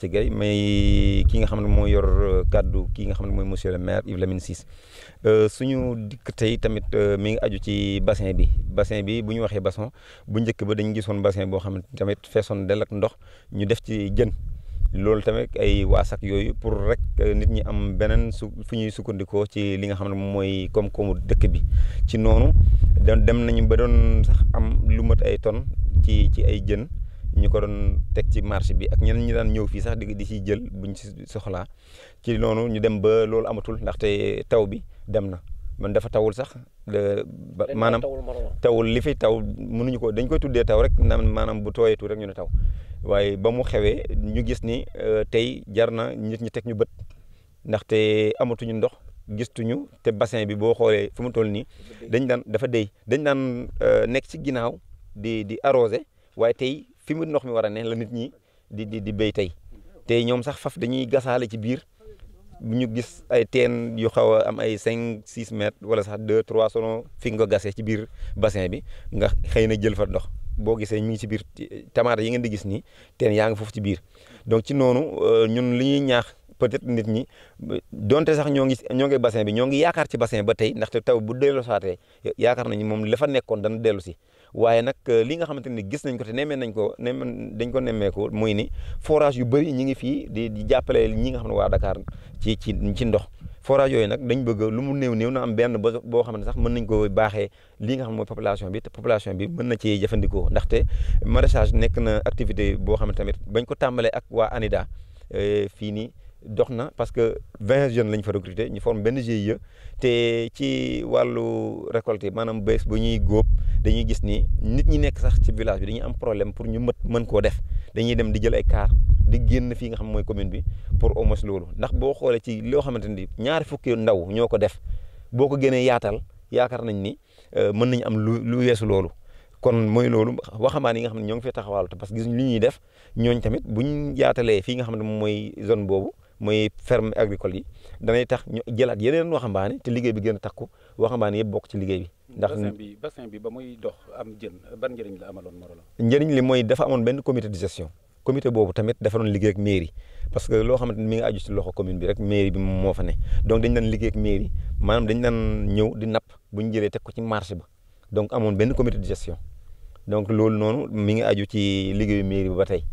ci Guèye mais ki nga xam ne moo yor euh, kaddu ki nga xam ne mooy monsieur le maire Yves Lamine Ciss euh, suñu dikk tey tamit euh, mi ngi aju ci bassin bi bassin bi bu ñu waxee basson bu njëkk ba dañu gisoon bassin boo xam ne tamit feesoon del ak ndox ñu def ci jën loolu tamit ay waasak yooyu pour rek nit ñi am beneen su fu ñuy sukkandikoo ci li nga xam ne mooy koom-koomu dëkk bi ci noonu dem nañu ba doon sax am lu mat ay tonnes ci ci ay jën ñu ko doon teg ci marché bi ak ñeneen ñi daan ñëw fii sax di di siy jël buñ si soxlaa ci noonu ñu dem ba loolu amatul ndaxte taw bi dem na man dafa tawul sax maanaam tawul li fi taw mënuñu ko dañ koy tuddee taw rek naan maanaam bu tooyeetu rek ñu ne taw waaye ba mu xewee ñu gis ni euh, tey jar na nit ñi teg ñu bët ndaxte amatuñu ndox gistuñu te bassin bi boo xoolee fu mu toll nii dañ daan dafa dey dañ daan euh, nekk ci ginnaaw di di arrosé waaye tey fi mu ndox mi war a ne la nit ñi di di di béy tey tey ñoom sax faf dañuy gasaale ci biir ñu gis ay teen yu xaw a am ay cinq six mètres wala sax deux trois selon fi nga ko gasee ci biir bassin bi nga xëy na jël fa ndox boo gisee ñu ngi ci biir tamaate yi ngeen di gis nii teen yaa ngi foofu ci biir donc ci noonu euh, ñun li ñuy ñaax peut-être nit ñi donte sax ñoo ngi ñoo ngi bassin bi ñoo ngi yaakaar ci bassin ba tey ndaxte taw bu dellu saatee yaakaar nañu moom la fa nekkoon dana dellu si waaye nag euh, li nga xamante ni gis nañ ko te nemmee nañ ko nemme dañ ko nemmeeku muy ni forage yu bëri ñi ngi fii di di jàppale ñi nga xam ne waa Dakar ci ci ci ndox forage yooyu nag dañ bëgg lu mu néew néew na am benn boo xam ne sax mën nañ ko baaxee li nga xam ne mooy population bi te population bi mën na ci jëfandikoo ndaxte maraîchage nekk na activité boo xam ne tamit bañ ko tàmbalee ak waa ANIDA euh, fii nii dox na parce que vingt jeune lañ fa recruter ñu forme benn GIE te ci wàllu récolte maanaam bés bu ñuy góob dañuy gis ni nit ñi nekk sax ci village bi dañuy am problème pour ñu mët mën koo def dañuy dem di jël ay kaar di génn fii nga xam mooy commune bi pour au moins loolu ndax boo xoolee ci loo xamante ni ñaari fukki ndaw ñoo ko def boo ko gënee yaatal yaakaar nañ ni euh, mën nañ am lu lu weesu loolu. kon mooy loolu waxamaan yi nga xam ne ñoo ngi fi taxawal parce que gis li ñuy def ñooñ tamit bu buñ yaatalee fii nga xam ne moom mooy zone boobu. mooy ferme agricole yi danay tax ñu jëlaat yeneen waxambaane te liggéey bi gën a takku waxambaane yëpp bokk ci liggéey bi ndax bassin bi ba muy dox am jën ban njëriñ la amaloon Morolan. njëriñ li mooy dafa amoon benn comité de gestion comité boobu tamit dafa doon liggéey ak mairie parce que loo xamante ni mi ngi aju ci loxo commune bi rek mairie bi moom moo fa ne donc dañu daan liggéey ak mairie maanaam dañu daan ñëw di napp bu ñu jëlee teg ko ci marché ba donc amoon benn comité de gestion donc loolu noonu mi ngi aju ci liggéeyu mairie bi ba tey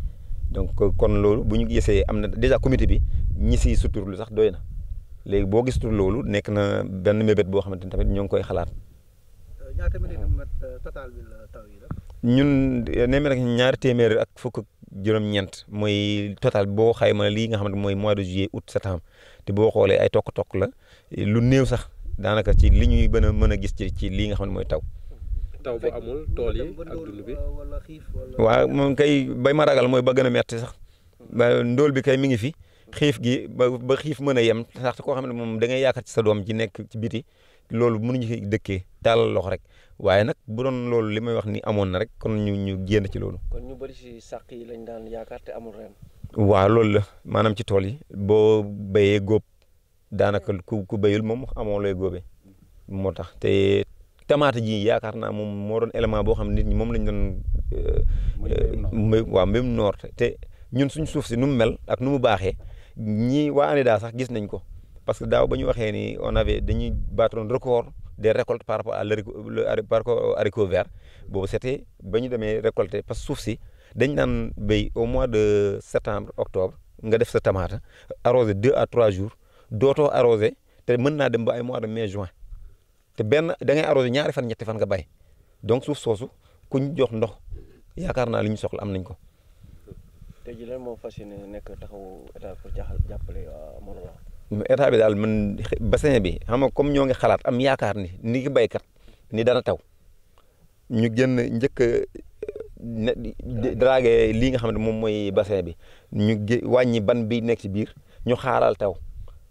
donc kon loolu bu ñu gisee am na déjà comité bi ñi siy lu sax doy na léegi boo gis tur loolu nekk na benn mébét boo xamante ni tamit ñoo ngi koy xalaat. ñaata millimètre euh, total bi la taw yi la. Eh, téeméer ak fukk juróom-ñeent mooy total boo xayma lii nga xam ne mooy mois de juillet août septembre te boo xoolee ay tokk-tokk la eh, lu néew sax daanaka ci li ñuy bën mën a gis ci ci lii nga xam ne mooy taw. taw bu amul tool yi ak dund bi. waaw moom kay bay ma ragal mooy ba gën a metti sax. ndool bi kay mi ngi fi. xiif gi ba ba xiif mën a yem sax koo xam ne moom da ngay yaakaar ci sa doom ji nekk ci biti. loolu ñu ci dëkkee tàllal loxo rek waaye nag bu doon loolu li may wax ni amoon na rek kon ñu ñu génn ci loolu. kon ñu bari si sàq yi lañ daan yaakaar te amul ren. waaw loolu la maanaam ci tool yi boo bayee góob daanaka ku ku béyul moom amoo looy moo tax te tamaate ji yaakaar naa moom moo doon boo xam ne nit moom lañ doon. muy euh, waaw même noor te ñun suñ suuf si nu mu mel ak nu mu baaxee ñi waa daa sax gis nañ ko. parce que daaw ba ñu waxee ni on avait dañuy battoon record des récoltes par rapport à le par rapport au haricot vert boobu c'était ba ñu demee récolter parce que suuf si dañ naan béy au mois de septembre octobre nga def sa tamaata arrosé deux à trois jours dooto arrosé te mën naa dem ba ay mois de mai juin te benn da ngay arrosé ñaari fan ñetti fan nga bay donc suuf soosu kuñ ñu jox ndox yaakaar naa li ñu soxla am nañ ko. tey jii moo fas yéene nekk taxawu état pour jàppale euh, état bi daal man bassin bi xam nga comme ñoo ngi xalaat am yaakaar ni ni ki baykat ni dana taw ñu génn njëkk ne dragué lii nga xam ne moom mooy bassin bi ñu gé wàññi ban bi nekk ci biir ñu xaaral taw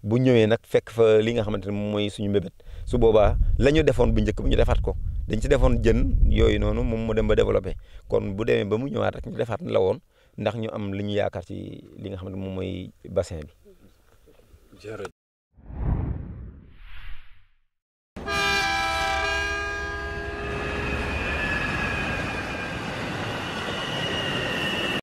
bu ñëwee nag fekk fa li nga xamante ne moom mooy suñu mbébét su boobaa la ñu defoon bu njëkk bu ñu defaat ko dañ ci defoon jën yooyu noonu moom mu dem ba développé kon bu demee ba mu ñëwaat rek ñu defaat la woon ndax ñu am li ñu yaakaar ci li nga xam ne moom mooy bassin bi. jërëjëf